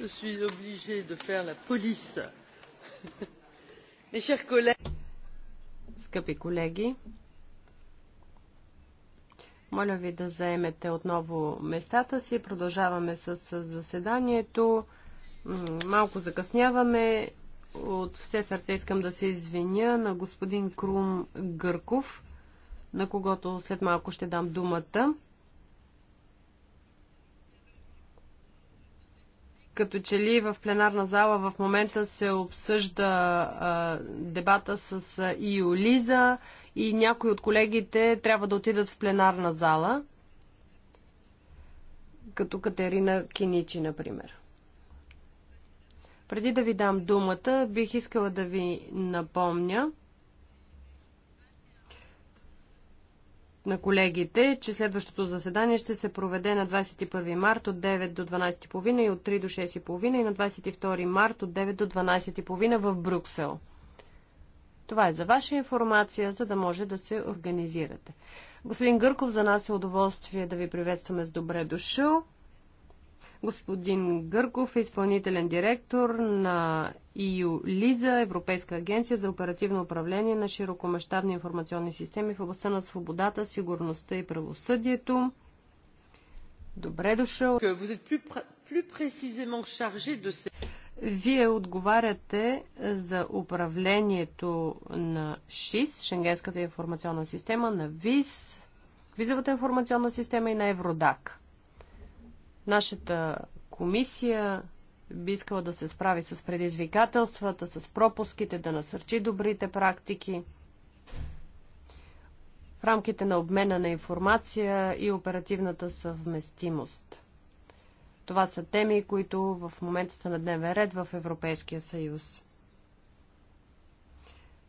je suis obligée de faire la police. Mes chers collègues. Скъпи колеги, моля ви да заемете отново местата си. Продължаваме с, с заседанието. Малко закъсняваме. От все сърце искам да се извиня на господин Крум Гърков, на когото след малко ще дам думата. като че ли в пленарна зала в момента се обсъжда а, дебата с а, Иолиза и някои от колегите трябва да отидат в пленарна зала, като Катерина Киничи, например. Преди да ви дам думата, бих искала да ви напомня, на колегите, че следващото заседание ще се проведе на 21 март от 9 до 12.30 и от 3 до 6.30 и на 22 март от 9 до 12.30 в Брюксел. Това е за ваша информация, за да може да се организирате. Господин Гърков, за нас е удоволствие да ви приветстваме с добре дошъл господин Гърков е изпълнителен директор на ИУ Лиза, Европейска агенция за оперативно управление на широкомащабни информационни системи в областта на свободата, сигурността и правосъдието. Добре дошъл. Вие отговаряте за управлението на ШИС, Шенгенската информационна система, на ВИС, Визовата информационна система и на Евродак. Нашата комисия би искала да се справи с предизвикателствата, с пропуските, да насърчи добрите практики. В рамките на обмена на информация и оперативната съвместимост. Това са теми, които в момента са на дневен ред в Европейския съюз.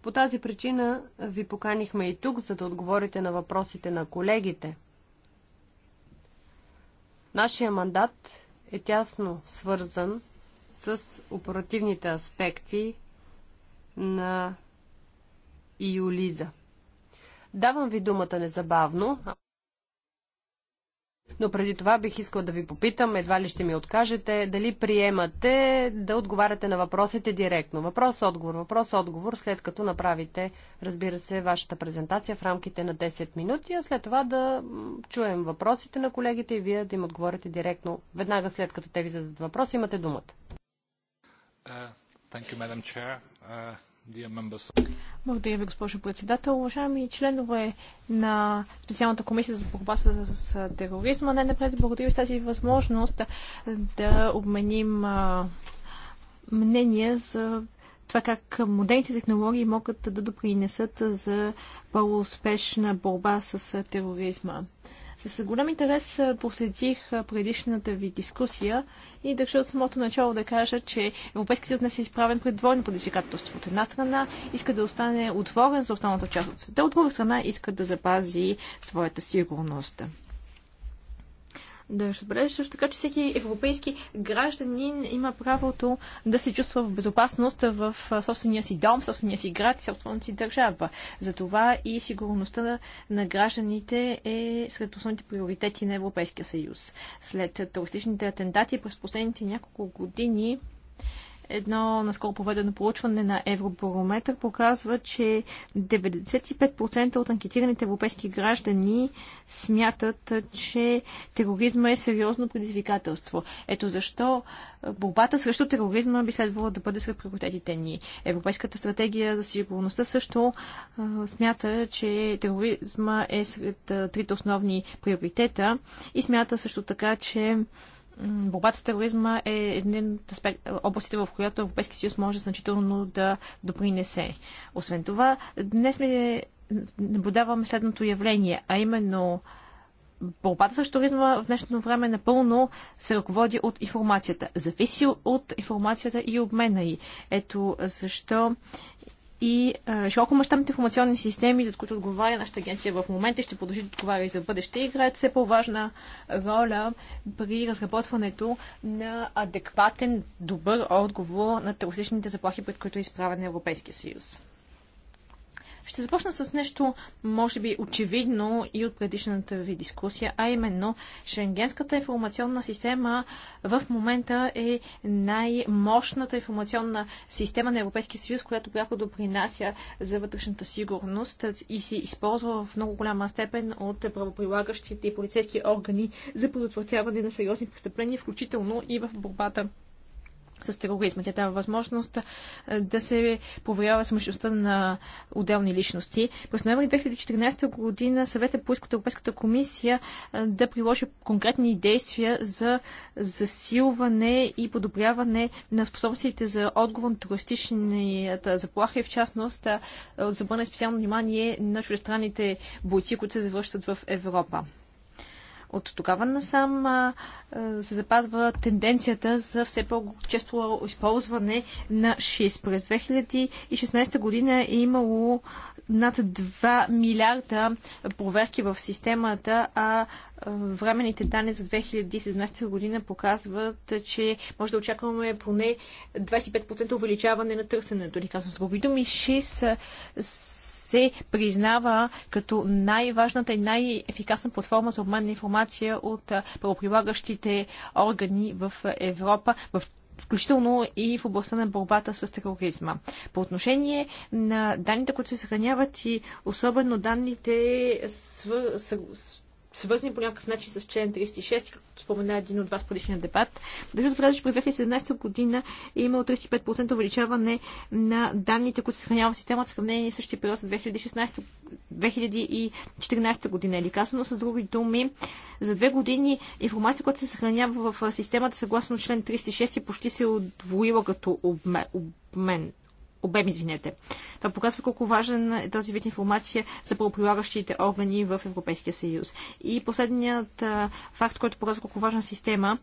По тази причина ви поканихме и тук, за да отговорите на въпросите на колегите – Нашия мандат е тясно свързан с оперативните аспекти на ИОЛИЗА. Давам ви думата незабавно. Но преди това бих искал да ви попитам, едва ли ще ми откажете, дали приемате да отговаряте на въпросите директно. Въпрос-отговор, въпрос-отговор, след като направите, разбира се, вашата презентация в рамките на 10 минути, а след това да чуем въпросите на колегите и вие да им отговорите директно. Веднага след като те ви зададат въпрос, имате думата. Uh, you, uh... Благодаря ви, госпожо председател. Уважаеми членове на специалната комисия за борба с, с, тероризма, най-напред благодаря ви с тази възможност да обменим а, мнение за това как модерните технологии могат да допринесат за по-успешна борба с тероризма. С голям интерес посетих предишната ви дискусия и държа от самото начало да кажа, че Европейския съюз не е изправен пред двойно предизвикателство. От една страна иска да остане отворен за останалата част от света, от друга страна иска да запази своята сигурност. Да ще отбележа също така, че всеки европейски гражданин има правото да се чувства в безопасност в собствения си дом, собствения си град и собствената си държава. Затова и сигурността на, на гражданите е сред основните приоритети на Европейския съюз. След терористичните атентати през последните няколко години Едно наскоро поведено проучване на Евробарометър показва, че 95% от анкетираните европейски граждани смятат, че тероризма е сериозно предизвикателство. Ето защо е, борбата срещу тероризма би следвало да бъде сред приоритетите ни. Европейската стратегия за сигурността също е, смята, че тероризма е сред е, трите основни приоритета и смята също така, че борбата с тероризма е един от аспект, областите, в която Европейския съюз може значително да допринесе. Освен това, днес ми наблюдаваме следното явление, а именно борбата с туризма в днешно време напълно се ръководи от информацията. Зависи от информацията и обмена й. Ето защо и широкомащабните информационни системи, за които отговаря нашата агенция в момента ще продължи да отговаря и за бъдеще, играят все по-важна роля при разработването на адекватен, добър отговор на терористичните заплахи, пред които е изправен Европейския съюз. Ще започна с нещо, може би, очевидно и от предишната ви дискусия, а именно Шенгенската информационна система в момента е най-мощната информационна система на Европейския съюз, която пряко допринася за вътрешната сигурност и се използва в много голяма степен от правоприлагащите и полицейски органи за предотвратяване на сериозни престъпления, включително и в борбата с тероризма. Тя дава възможност да се проверява смъщността на отделни личности. През ноември 2014 година съвета поиска от Европейската комисия да приложи конкретни действия за засилване и подобряване на способностите за отговор на терористичната заплаха и в частност да обърне специално внимание на чуждестранните бойци, които се завръщат в Европа. От тогава насам а, се запазва тенденцията за все по-често използване на 6. През 2016 година е имало над 2 милиарда проверки в системата, а временните данни за 2017 година показват, че може да очакваме поне 25% увеличаване на търсенето. Или казвам с други думи, 6 се признава като най-важната и най-ефикасна платформа за обмен на информация от правоприлагащите органи в Европа, в включително и в областта на борбата с тероризма. По отношение на данните, които се съхраняват и особено данните с, свързани по някакъв начин с член 36, както спомена един от вас предишния дебат. Държа отбеляза, че през 2017 година е имало 35% увеличаване на данните, които се съхраняват в системата, сравнение с същия период с 2014 година. Или казано с други думи, за две години информация, която се съхранява в системата съгласно член 36 е почти се е удвоила като обмен обем, извинете. Това показва колко важен е този вид информация за правоприлагащите органи в Европейския съюз. И последният а, факт, който показва колко важна система,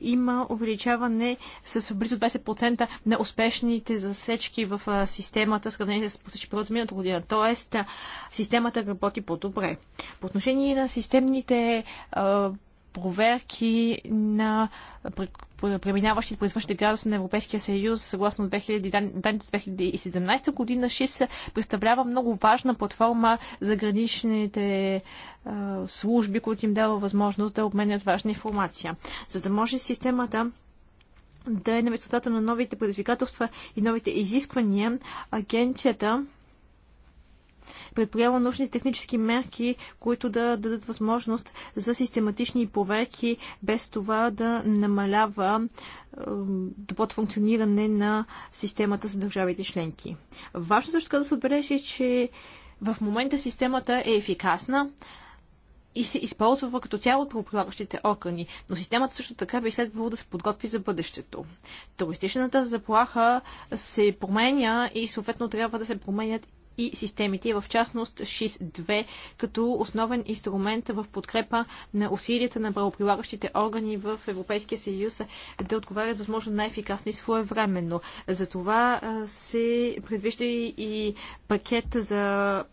има увеличаване с близо 20% на успешните засечки в а, системата, сравнение с посещи период за миналата година. Тоест, а, системата работи по-добре. По отношение на системните а, проверки на преминаващите външните градуси на Европейския съюз, съгласно данните 2017 година, ШИС представлява много важна платформа за граничните служби, които им дава възможност да обменят важна информация. За да може системата да е на висотата на новите предизвикателства и новите изисквания, агенцията Предприема научни технически мерки, които да дадат възможност за систематични проверки, без това да намалява доброто функциониране на системата за държавите членки. Важно също така да се отбележи, че в момента системата е ефикасна, и се използва като цяло от прилагащите окъни, но системата също така би следвало да се подготви за бъдещето. Туристичната заплаха се променя и съответно трябва да се променят и системите, в частност ШИС-2, като основен инструмент в подкрепа на усилията на правоприлагащите органи в Европейския съюз да отговарят възможно най-ефикасно и своевременно. За това се предвижда и пакет за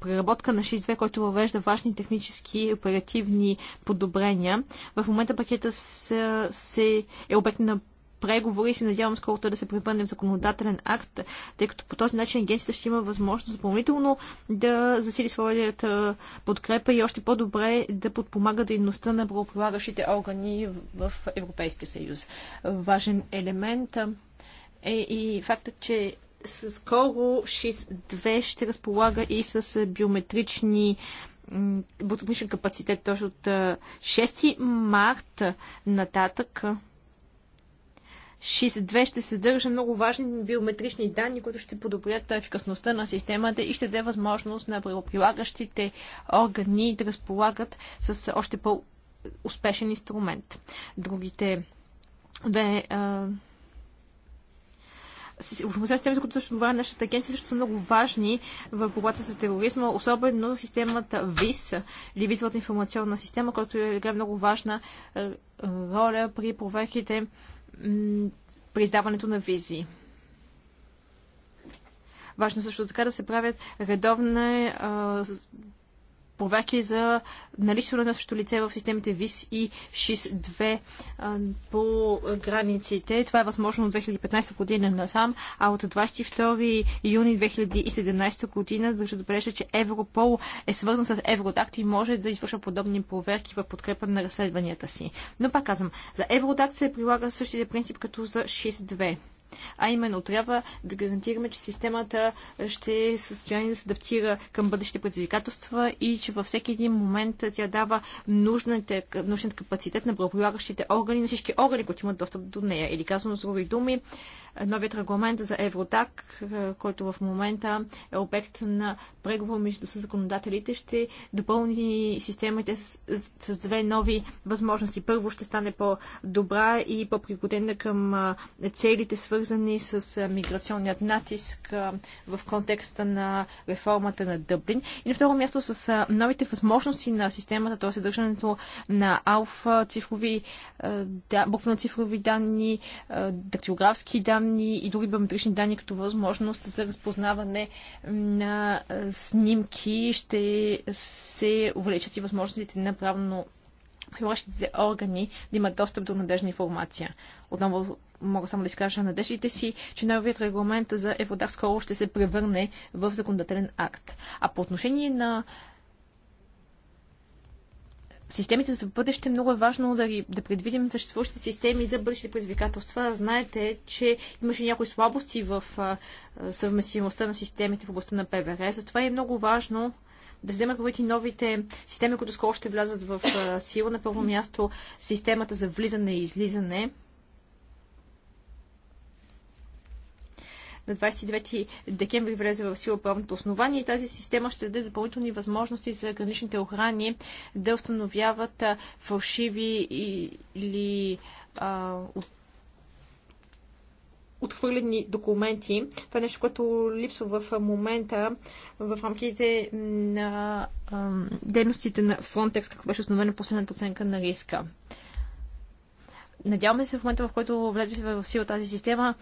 преработка на 6.2, който въвежда важни технически и оперативни подобрения. В момента пакета се, се е обект на преговори и се надявам скоро да се превърне в законодателен акт, тъй като по този начин агенцията ще има възможност допълнително да засили своята подкрепа и още по-добре да подпомага дейността на правополагащите органи в Европейския съюз. Важен елемент е и фактът, че скоро 6.2 2 ще разполага и с биометрични биометричен капацитет точно от 6 март нататък ШИС-2 ще съдържа много важни биометрични данни, които ще подобрят ефикасността на системата и ще даде възможност на правоприлагащите органи да разполагат с още по-успешен инструмент. Другите две да Информационните които също отговаря нашата агенция, също са много важни в борбата с тероризма, особено системата ВИС, или визовата информационна система, която играе много важна роля при проверките при издаването на визи. Важно също така да се правят редовни а, проверки за наличието на същото лице в системите ВИС и ШИС-2 по границите. Това е възможно от 2015 година насам, а от 22 юни 2017 година държа да бележа, че Европол е свързан с Евродакт и може да извършва подобни проверки в подкрепа на разследванията си. Но пак казвам, за Евродакт се прилага същия принцип като за ШИС-2. А именно, трябва да гарантираме, че системата ще е състояние да се адаптира към бъдещите предизвикателства и че във всеки един момент тя дава нужната, нужната капацитет на правоприлагащите органи, на всички органи, които имат достъп до нея. Или казано с други думи, новият регламент за Евротак, е, който в момента е обект на преговор между законодателите, ще допълни системите с, с две нови възможности. Първо ще стане по-добра и по-пригодена към е, целите, свързани с е, миграционният натиск в контекста на реформата на Дъблин. И на второ място с новите възможности на системата, т.е. съдържането на алфа, цифрови, да, буквено цифрови данни, дактилографски данни, данни и други биометрични данни като възможност за разпознаване на снимки, ще се увеличат и възможностите на правно прилагащите органи да имат достъп до надежна информация. Отново мога само да изкажа надеждите си, че новият регламент за Евродар скоро ще се превърне в законодателен акт. А по отношение на системите за бъдеще много е важно да, ги, да предвидим съществуващите системи за бъдещите предизвикателства. Знаете, че имаше някои слабости в а, съвместимостта на системите в областта на ПВР. Затова е много важно да вземем предвид и новите системи, които скоро ще влязат в а, сила. На първо място системата за влизане и излизане. на 29 декември влезе в сила правното основание и тази система ще даде допълнителни възможности за граничните охрани да установяват фалшиви или а, отхвърлени документи. Това е нещо, което липсва в момента в рамките на а, дейностите на Frontex, както беше основена последната оценка на риска. Надяваме се в момента, в който влезе в сила тази система,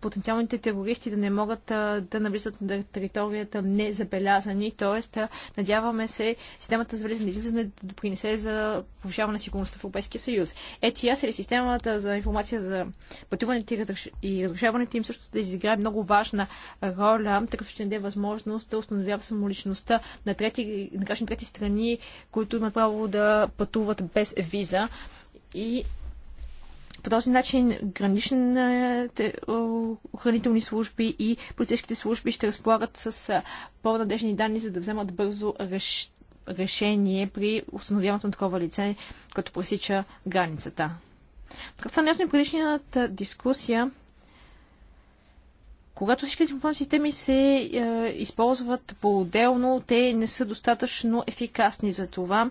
потенциалните терористи да не могат да навлизат на територията незабелязани. Тоест, надяваме се системата за влизане и излизане да допринесе за повишаване на сигурността в Европейския съюз. ETIAS е, или системата за информация за пътуването и, разрушаването им също да изиграе много важна роля, така че ще даде възможност да установява самоличността на трети, на трети страни, които имат право да пътуват без виза. И по този начин граничните е, охранителни служби и полицейските служби ще разполагат с е, по-надежни данни, за да вземат бързо реш... решение при установяването на такова лице, като пресича границата. Както са ясно и предишната дискусия, когато всички телефонни системи се е, използват по-отделно, те не са достатъчно ефикасни. за това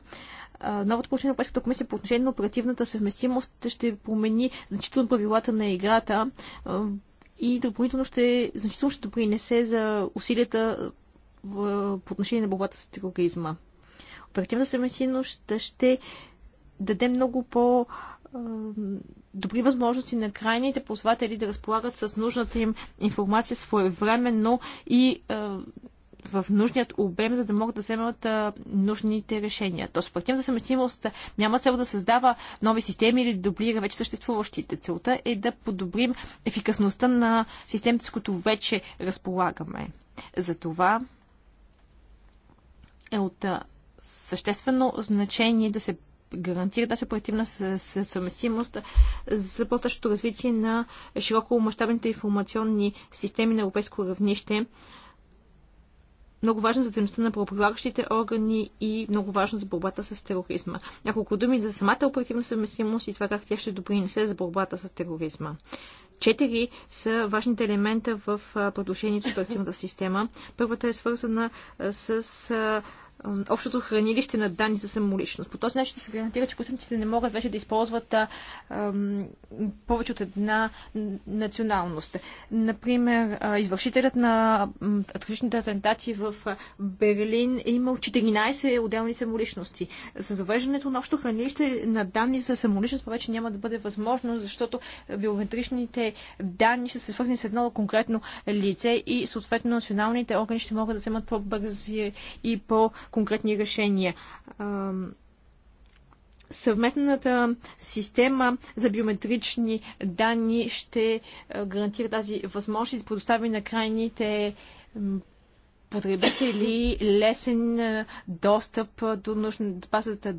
новото получение на Европейската комисия по отношение на оперативната съвместимост ще промени значително правилата на играта и допълнително ще, значително ще допринесе за усилията в, по отношение на борбата с тероризма. Оперативната съвместимост ще даде много по- добри възможности на крайните ползватели да разполагат с нужната им информация своевременно и в нужният обем, за да могат да вземат а, нужните решения. Тоест, пътям за съместимост няма цел да създава нови системи или да дублира вече съществуващите. Целта е да подобрим ефикасността на системите, с които вече разполагаме. Затова е от а, съществено значение да се гарантира тази оперативна съвместимост за по-тъщото развитие на широко мащабните информационни системи на европейско равнище, много важна за дейността на правоприлагащите органи и много важна за борбата с тероризма. Няколко думи за самата оперативна съвместимост и това как тя ще допринесе за борбата с тероризма. Четири са важните елемента в продължението на оперативната система. Първата е свързана с общото хранилище на данни за самоличност. По този начин се гарантира, че престъпниците не могат вече да използват а, а, повече от една националност. Например, а, извършителят на атричните атентати в Берлин е имал 14 отделни самоличности. С завеждането на общо хранилище на данни за самоличност това вече няма да бъде възможно, защото биометричните данни ще се свързани с едно конкретно лице и съответно националните органи ще могат да вземат по-бързи и по- конкретни решения. Съвместната система за биометрични данни ще гарантира тази възможност да предостави на крайните потребители лесен достъп до нужната базата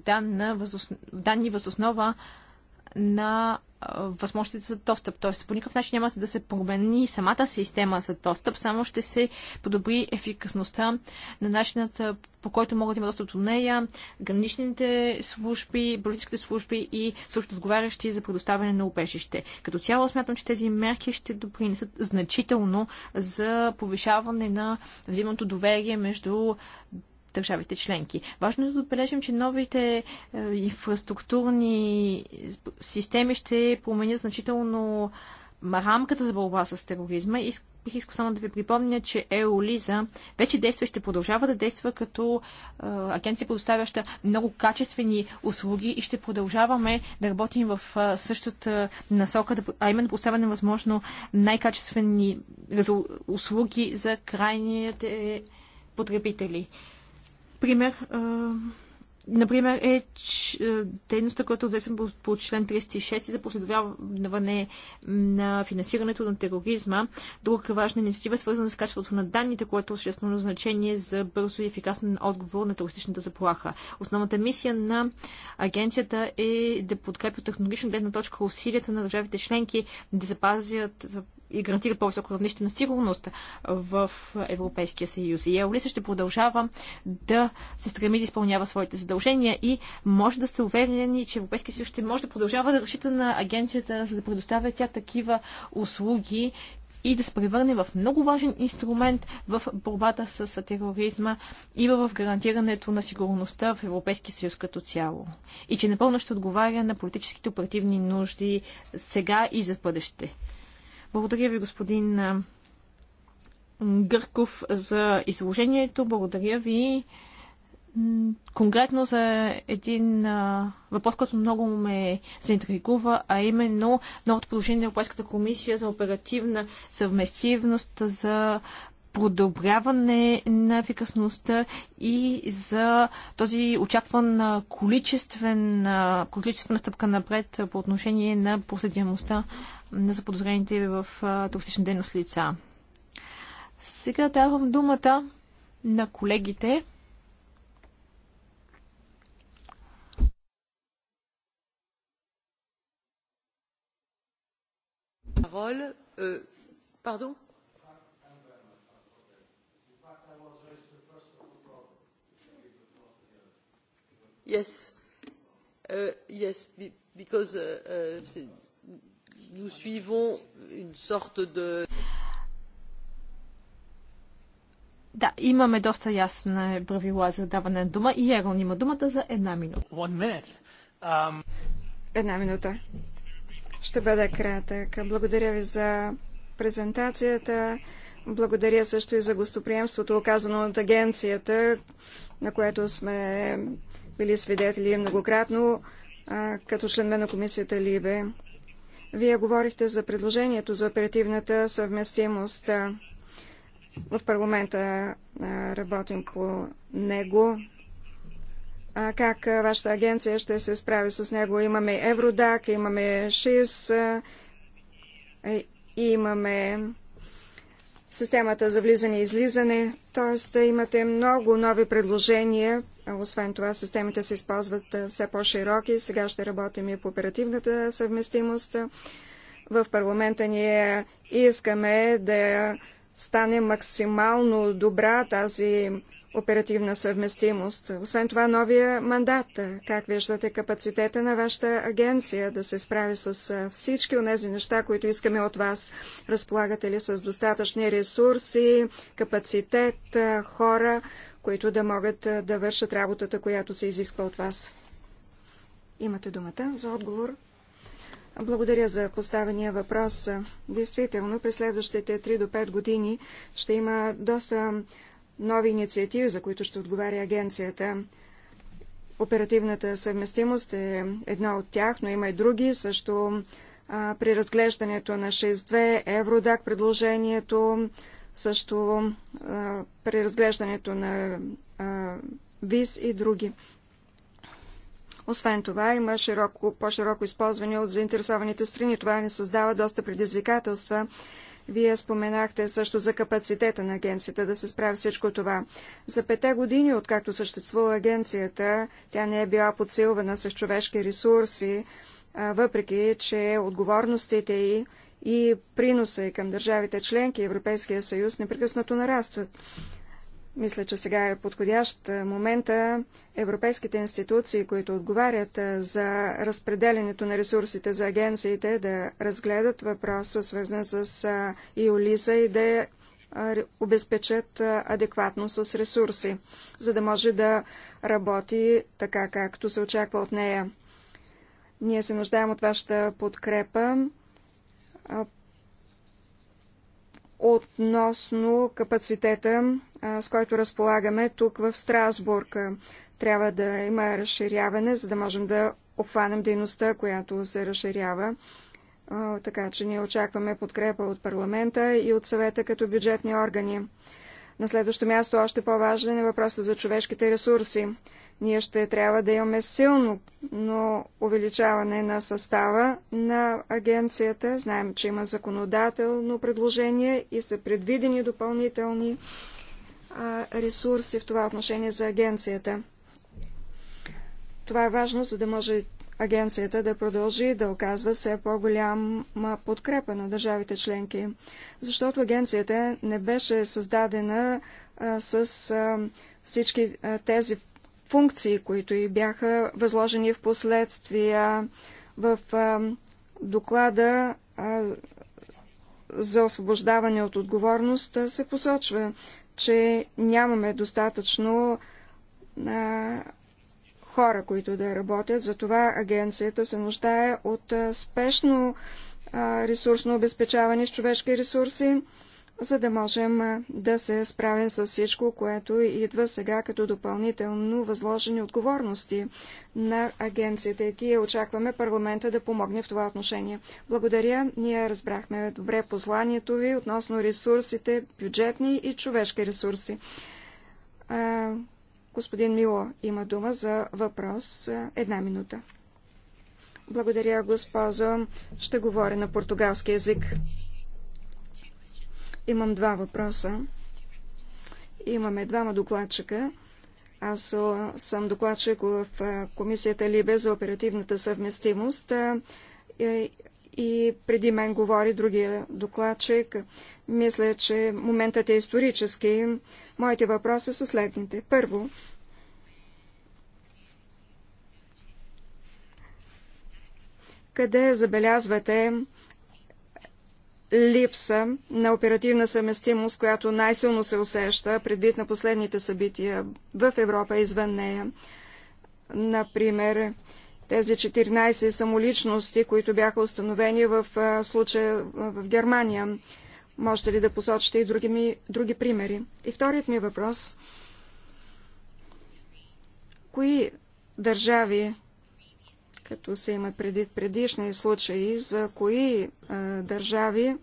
данни възоснова на възможностите за достъп. Т.е. по никакъв начин няма да се промени самата система за достъп, само ще се подобри ефикасността на начината по който могат да има достъп до нея, граничните служби, политическите служби и службите отговарящи за предоставяне на убежище. Като цяло смятам, че тези мерки ще допринесат значително за повишаване на взаимното доверие между държавите членки. Важно е да отбележим, че новите е, инфраструктурни системи ще променят значително рамката за борба с тероризма и бих искал само да ви припомня, че Еолиза вече действа и ще продължава да действа като е, агенция, предоставяща много качествени услуги и ще продължаваме да работим в е, същата насока, а именно поставяне възможно най-качествени услуги за крайните потребители пример, а, например, е дейността, която е по, по член 36 за последоваване на финансирането на тероризма. Друга важна инициатива е свързана с качеството на данните, което е съществено значение за бързо и ефикасен отговор на терористичната заплаха. Основната мисия на агенцията е да подкрепи технологична гледна точка усилията на държавите членки да запазят и гарантират по-високо равнище на сигурност в Европейския съюз. И Еолиса ще продължава да се стреми да изпълнява своите задължения и може да сте уверени, че Европейския съюз ще може да продължава да разчита на агенцията, за да предоставя тя такива услуги и да се превърне в много важен инструмент в борбата с тероризма и в гарантирането на сигурността в Европейския съюз като цяло. И че напълно ще отговаря на политическите оперативни нужди сега и за бъдеще. Благодаря ви, господин Гърков, за изложението. Благодаря ви конкретно за един а, въпрос, който много ме заинтригува, а именно новото положение на Европейската комисия за оперативна съвместивност за подобряване на ефикасността и за този очакван количествен, количествена стъпка напред по отношение на проследяемостта на заподозрените в токсична дейност лица. Сега давам думата на колегите. Е, пардон? Uh, uh, uh, nous suivons une sorte de. Да, имаме доста ясни правила за даване на дума и Ерон има думата за една минута. Um... Една минута. Ще бъда кратък. Благодаря ви за презентацията. Благодаря също и за гостоприемството, оказано от агенцията, на което сме били свидетели многократно като членове на комисията Либе. Вие говорихте за предложението за оперативната съвместимост. В парламента работим по него. А как вашата агенция ще се справи с него? Имаме Евродак, имаме ШИС, имаме системата за влизане и излизане, т.е. имате много нови предложения. Освен това, системите се използват все по-широки. Сега ще работим и по оперативната съвместимост. В парламента ние искаме да стане максимално добра тази оперативна съвместимост. Освен това, новия мандат. Как виждате капацитета на вашата агенция да се справи с всички от тези неща, които искаме от вас? Разполагате ли с достатъчни ресурси, капацитет, хора, които да могат да вършат работата, която се изисква от вас? Имате думата за отговор. Благодаря за поставения въпрос. Действително, през следващите 3 до 5 години ще има доста нови инициативи, за които ще отговаря агенцията. Оперативната съвместимост е една от тях, но има и други. Също а, при разглеждането на 6.2 Евродак предложението, също а, при разглеждането на а, ВИС и други. Освен това, има широко, по-широко използване от заинтересованите страни. Това не създава доста предизвикателства вие споменахте също за капацитета на агенцията да се справи всичко това. За пете години, откакто съществува агенцията, тя не е била подсилвана с човешки ресурси, въпреки че отговорностите й и приноса и към държавите членки Европейския съюз непрекъснато нарастват. Мисля, че сега е подходящ е, момента европейските институции, които отговарят е, за разпределянето на ресурсите за агенциите, да разгледат въпроса, свързан с е, Иолиса и да обезпечат адекватно с ресурси, за да може да работи така, както се очаква от нея. Ние се нуждаем от вашата подкрепа относно капацитета, с който разполагаме тук в Страсбург. Трябва да има разширяване, за да можем да обхванем дейността, която се разширява. Така че ние очакваме подкрепа от парламента и от съвета като бюджетни органи. На следващо място още по-важен е въпросът за човешките ресурси. Ние ще трябва да имаме силно но увеличаване на състава на агенцията. Знаем, че има законодателно предложение и са предвидени допълнителни ресурси в това отношение за агенцията. Това е важно, за да може агенцията да продължи да оказва все по-голяма подкрепа на държавите членки, защото агенцията не беше създадена а, с а, всички а, тези функции, които и бяха възложени в последствия в доклада за освобождаване от отговорност се посочва, че нямаме достатъчно хора, които да работят. Затова агенцията се нуждае от спешно ресурсно обезпечаване с човешки ресурси за да можем да се справим с всичко, което идва сега като допълнително възложени отговорности на агенцията. И тие очакваме парламента да помогне в това отношение. Благодаря. Ние разбрахме добре посланието ви относно ресурсите, бюджетни и човешки ресурси. Господин Мило има дума за въпрос. Една минута. Благодаря, госпожо. Ще говоря на португалски язик. Имам два въпроса. Имаме двама докладчика. Аз съм докладчик в комисията Либе за оперативната съвместимост и преди мен говори другия докладчик. Мисля, че моментът е исторически. Моите въпроси са следните. Първо, къде забелязвате липса на оперативна съместимост, която най-силно се усеща предвид на последните събития в Европа и извън нея. Например, тези 14 самоличности, които бяха установени в случая в Германия. Можете ли да посочите и други, ми, други примери? И вторият ми въпрос. Кои държави като се имат преди предишни случаи, за кои а, е, държави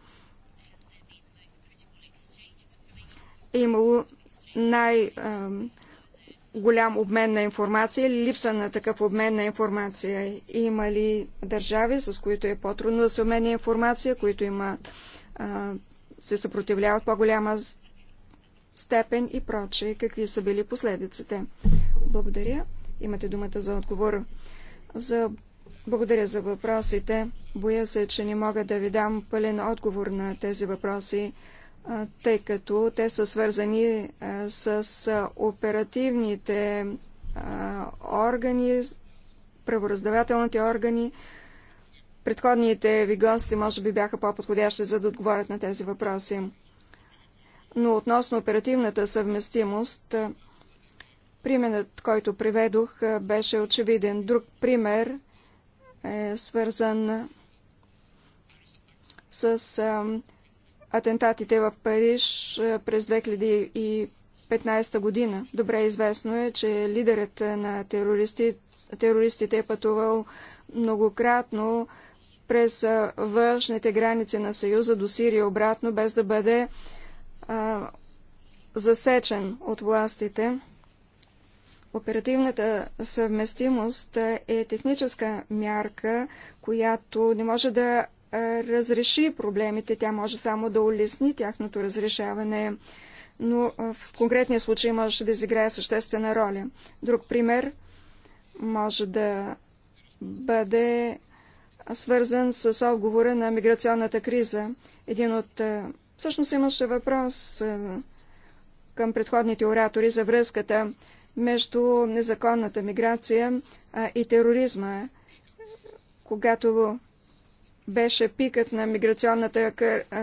е имало най- а, е, голям обмен на информация или липса на такъв обмен на информация? Има ли държави, с които е по-трудно да се обменя информация, които има, а, е, се съпротивляват по-голяма степен и прочее? Какви са били последиците? Благодаря. Имате думата за отговор. За... Благодаря за въпросите. Боя се, че не мога да ви дам пълен отговор на тези въпроси, тъй като те са свързани с оперативните органи, правораздавателните органи. Предходните ви гости може би бяха по-подходящи за да отговорят на тези въпроси. Но относно оперативната съвместимост, Примерът, който приведох, беше очевиден. Друг пример е свързан с а, атентатите в Париж през 2015 година. Добре известно е, че лидерът на терористи, терористите е пътувал многократно през външните граници на Съюза до Сирия обратно, без да бъде а, засечен от властите. Оперативната съвместимост е техническа мярка, която не може да разреши проблемите, тя може само да улесни тяхното разрешаване, но в конкретния случай може да изиграе съществена роля. Друг пример може да бъде свързан с отговора на миграционната криза. Един от... Всъщност имаше въпрос към предходните оратори за връзката между незаконната миграция и тероризма. Когато беше пикът на миграционната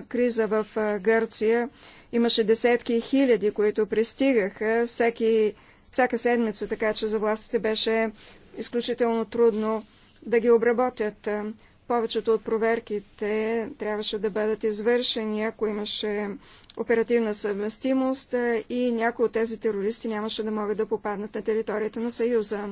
криза в Гърция, имаше десетки хиляди, които пристигаха всеки, всяка седмица, така че за властите беше изключително трудно да ги обработят. Повечето от проверките трябваше да бъдат извършени, ако имаше оперативна съвместимост е, и някои от тези терористи нямаше да могат да попаднат на територията на Съюза.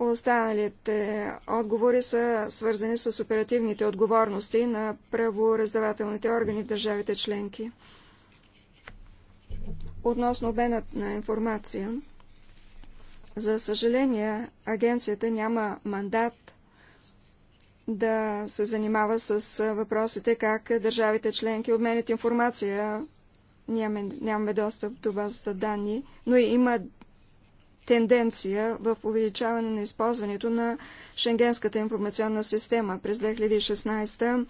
Останалите отговори са свързани с оперативните отговорности на правораздавателните органи в държавите членки. Относно обменът на информация, за съжаление, агенцията няма мандат да се занимава с въпросите как държавите членки обменят информация. Нямаме, нямаме достъп до базата данни, но има тенденция в увеличаване на използването на Шенгенската информационна система. През 2016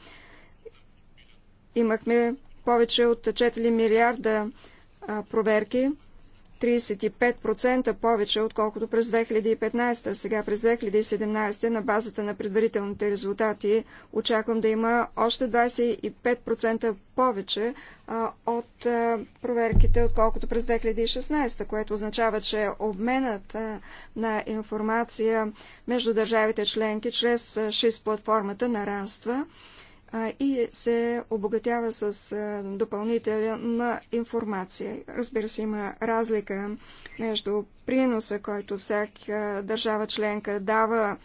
имахме повече от 4 милиарда проверки 35% повече, отколкото през 2015. Сега през 2017 на базата на предварителните резултати очаквам да има още 25% повече а, от а, проверките, отколкото през 2016, което означава, че обменът а, на информация между държавите членки чрез 6 платформата нараства и се обогатява с допълнителна информация. Разбира се, има разлика между приноса, който всяка държава членка дава.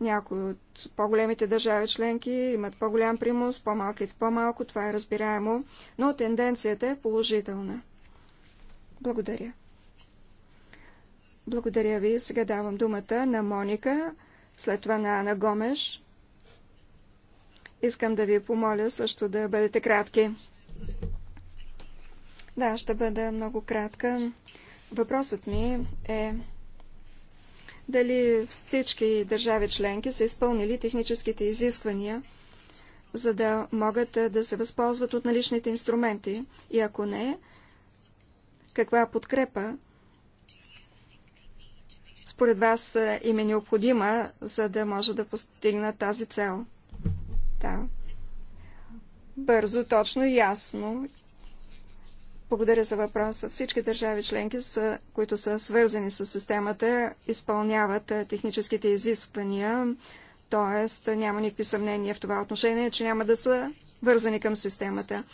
Някои от по-големите държави членки имат по-голям принос, по-малките по-малко, това е разбираемо, но тенденцията е положителна. Благодаря. Благодаря ви. Сега давам думата на Моника, след това на Ана Гомеш. Искам да ви помоля също да бъдете кратки. Да, ще бъда много кратка. Въпросът ми е дали всички държави членки са изпълнили техническите изисквания, за да могат да се възползват от наличните инструменти и ако не, каква подкрепа според вас им е необходима, за да може да постигнат тази цел. Да. Бързо, точно и ясно. Благодаря за въпроса. Всички държави членки, са, които са свързани с системата, изпълняват е, техническите изисквания, т.е. няма никакви съмнения в това отношение, че няма да са вързани към системата.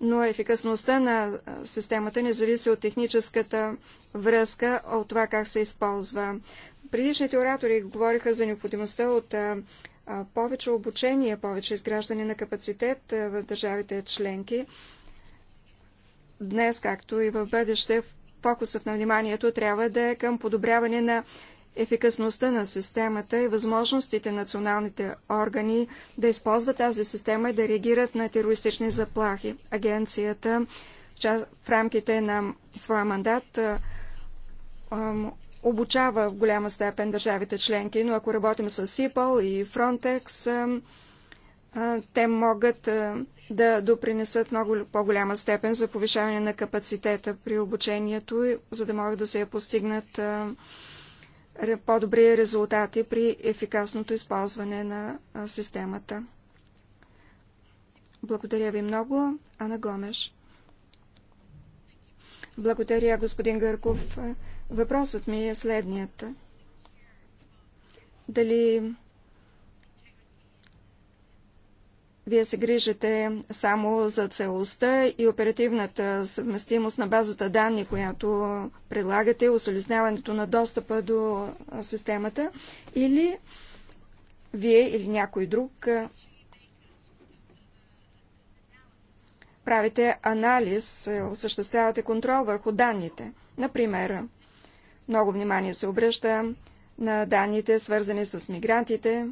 Но ефикасността на е, системата не зависи от техническата връзка, от това как се използва. Предишните оратори говориха за необходимостта от е, повече обучение, повече изграждане на капацитет в държавите членки. Днес, както и в бъдеще, фокусът на вниманието трябва да е към подобряване на ефикасността на системата и възможностите на националните органи да използват тази система и да реагират на терористични заплахи. Агенцията в рамките на своя мандат обучава в голяма степен държавите членки, но ако работим с СИПОЛ и Фронтекс, те могат да допринесат много по-голяма степен за повишаване на капацитета при обучението, за да могат да се постигнат по-добри резултати при ефикасното използване на системата. Благодаря ви много, Ана Гомеш. Благодаря, господин Гърков. Въпросът ми е следният. Дали вие се грижите само за целостта и оперативната съвместимост на базата данни, която предлагате, усълесняването на достъпа до системата, или вие или някой друг правите анализ, осъществявате контрол върху данните. Например, много внимание се обръща на данните, свързани с мигрантите.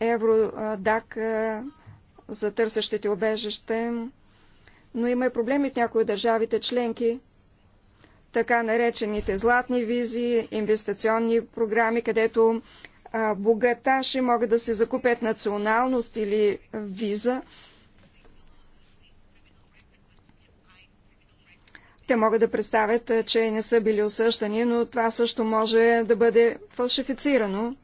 Евродак за търсещите обежище, но има и проблеми в някои от държавите членки, така наречените златни визи, инвестиционни програми, където богаташи могат да се закупят националност или виза, Те могат да представят, че не са били осъждани, но това също може да бъде фалшифицирано.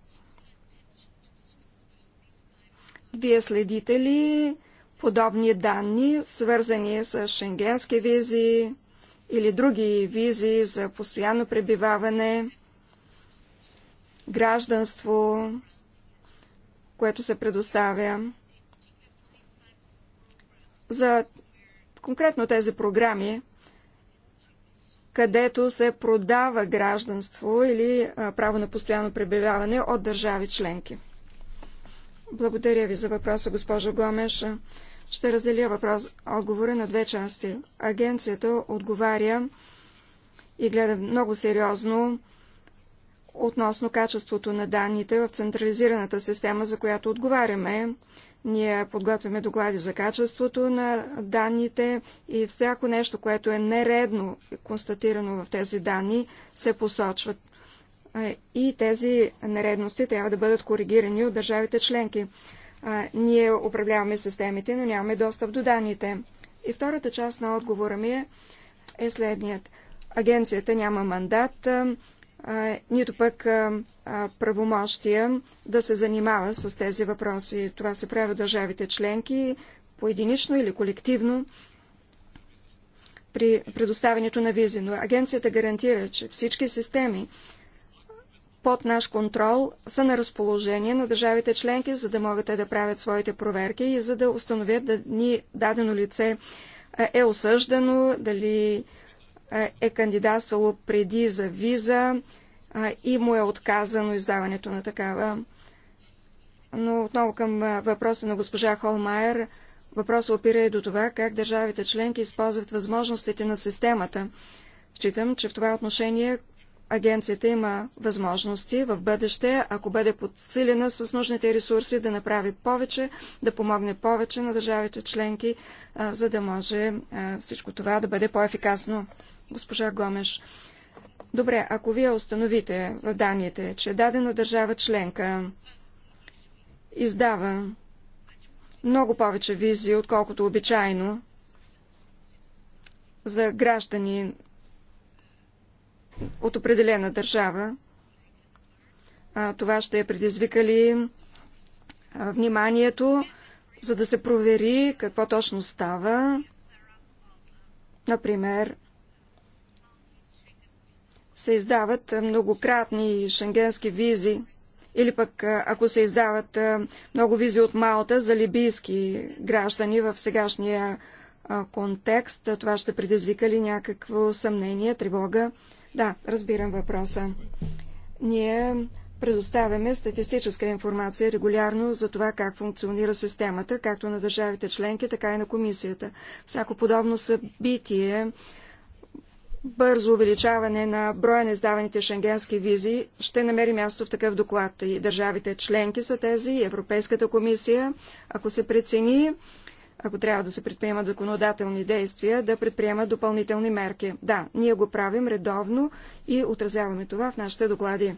Вие следите ли подобни данни, свързани с шенгенски визи или други визи за постоянно пребиваване, гражданство, което се предоставя. За конкретно тези програми, където се продава гражданство или право на постоянно пребиваване от държави членки. Благодаря ви за въпроса, госпожо Гламеша. Ще разделя въпрос отговора на две части. Агенцията отговаря и гледа много сериозно относно качеството на данните в централизираната система, за която отговаряме. Ние подготвяме доклади за качеството на данните и всяко нещо, което е нередно констатирано в тези данни, се посочват. Е, и тези нередности трябва да бъдат коригирани от държавите членки. Е, ние управляваме системите, но нямаме достъп до данните. И втората част на отговора ми е, е следният. Агенцията няма мандат, е, нито пък правомощия да се занимава с тези въпроси. Това се прави от държавите членки поединично или колективно при предоставянето на визи. Но агенцията гарантира, че всички системи под наш контрол са на разположение на държавите членки, за да могат те да правят своите проверки и за да установят дали дадено лице е осъждано, дали е, е кандидатствало преди за виза и му е отказано издаването на такава. Но отново към въпроса на госпожа Холмайер, въпросът опира и до това как държавите членки използват възможностите на системата. Считам, че в това отношение агенцията има възможности в бъдеще, ако бъде подсилена с нужните ресурси, да направи повече, да помогне повече на държавите членки, за да може всичко това да бъде по-ефикасно госпожа Гомеш. Добре, ако вие установите в данните, че дадена държава членка издава много повече визи, отколкото обичайно за граждани от определена държава, това ще е предизвикали вниманието, за да се провери какво точно става. Например, се издават многократни шенгенски визи, или пък ако се издават много визи от Малта за либийски граждани в сегашния контекст, това ще предизвика ли някакво съмнение, тревога? Да, разбирам въпроса. Ние предоставяме статистическа информация регулярно за това как функционира системата, както на държавите членки, така и на комисията. Всяко подобно събитие бързо увеличаване на броя на издаваните шенгенски визи ще намери място в такъв доклад. И държавите членки са тези, Европейската комисия, ако се прецени, ако трябва да се предприемат законодателни действия, да предприемат допълнителни мерки. Да, ние го правим редовно и отразяваме това в нашите доклади.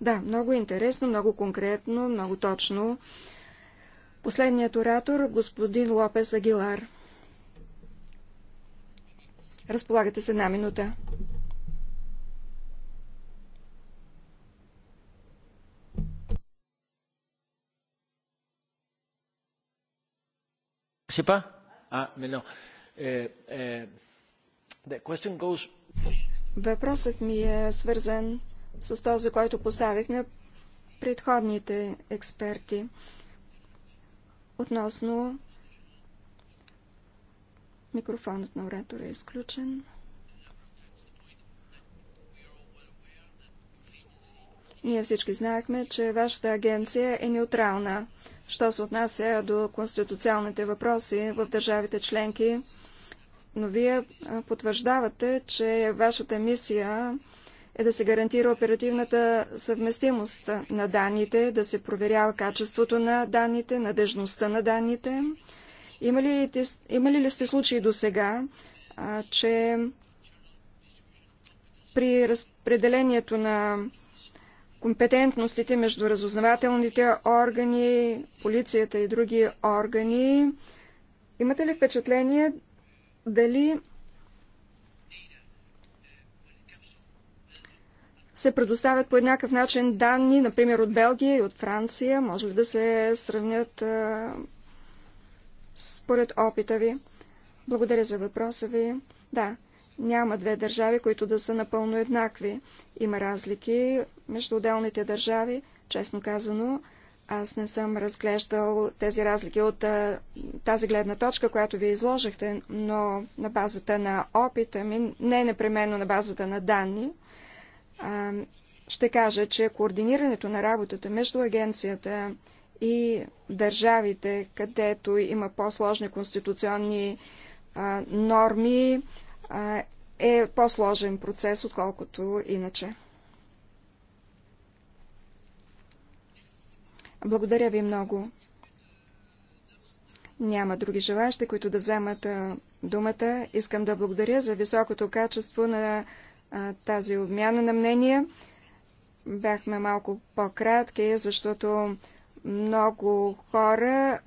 Да, много интересно, много конкретно, много точно. Последният оратор, господин Лопес Агилар. Разполагате с една минута. Е, е, Въпросът ми е свързан с този, който поставих на предходните експерти относно Микрофонът на оратора е изключен. Ние всички знаехме, че вашата агенция е неутрална, що се отнася до конституционните въпроси в държавите членки, но вие потвърждавате, че вашата мисия е да се гарантира оперативната съвместимост на данните, да се проверява качеството на данните, надежността на данните, ли, имали ли сте случаи до сега, че при разпределението на компетентностите между разузнавателните органи, полицията и други органи, имате ли впечатление дали се предоставят по еднакъв начин данни, например от Белгия и от Франция? Може ли да се сравнят според опита ви. Благодаря за въпроса ви. Да, няма две държави, които да са напълно еднакви. Има разлики между отделните държави. Честно казано, аз не съм разглеждал тези разлики от тази гледна точка, която ви изложихте, но на базата на опита ми, не непременно на базата на данни, ще кажа, че координирането на работата между агенцията и държавите, където има по-сложни конституционни а, норми, а, е по-сложен процес, отколкото иначе. Благодаря ви много. Няма други желащи, които да вземат думата. Искам да благодаря за високото качество на тази обмяна на мнения. Бяхме малко по-кратки, защото много хора,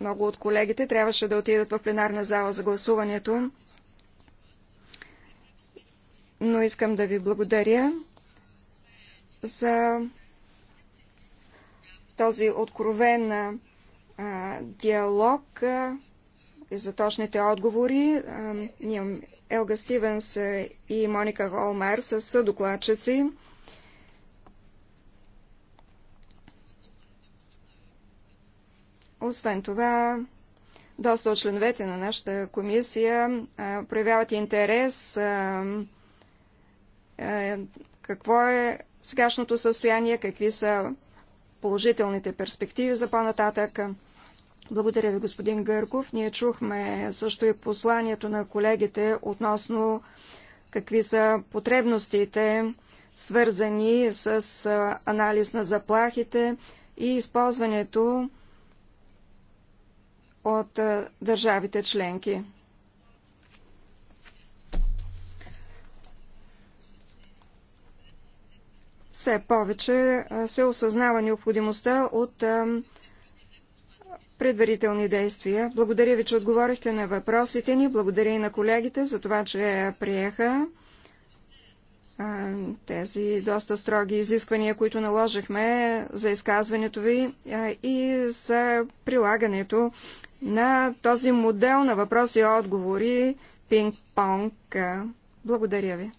много от колегите трябваше да отидат в пленарна зала за гласуването, но искам да ви благодаря за този откровен диалог и за точните отговори. Ние Елга Стивенс и Моника Холмар са докладчици. Освен това, доста от членовете на нашата комисия а, проявяват интерес а, а, е, какво е сегашното състояние, какви са положителните перспективи за по-нататък. Благодаря ви, господин Гърков. Ние чухме също и посланието на колегите относно какви са потребностите, свързани с анализ на заплахите и използването от е, държавите членки. Все повече е, се осъзнава необходимостта от е, предварителни действия. Благодаря ви, че отговорихте на въпросите ни. Благодаря и на колегите за това, че приеха тези доста строги изисквания, които наложихме за изказването ви и за прилагането на този модел на въпроси и отговори пинг-понг. Благодаря ви.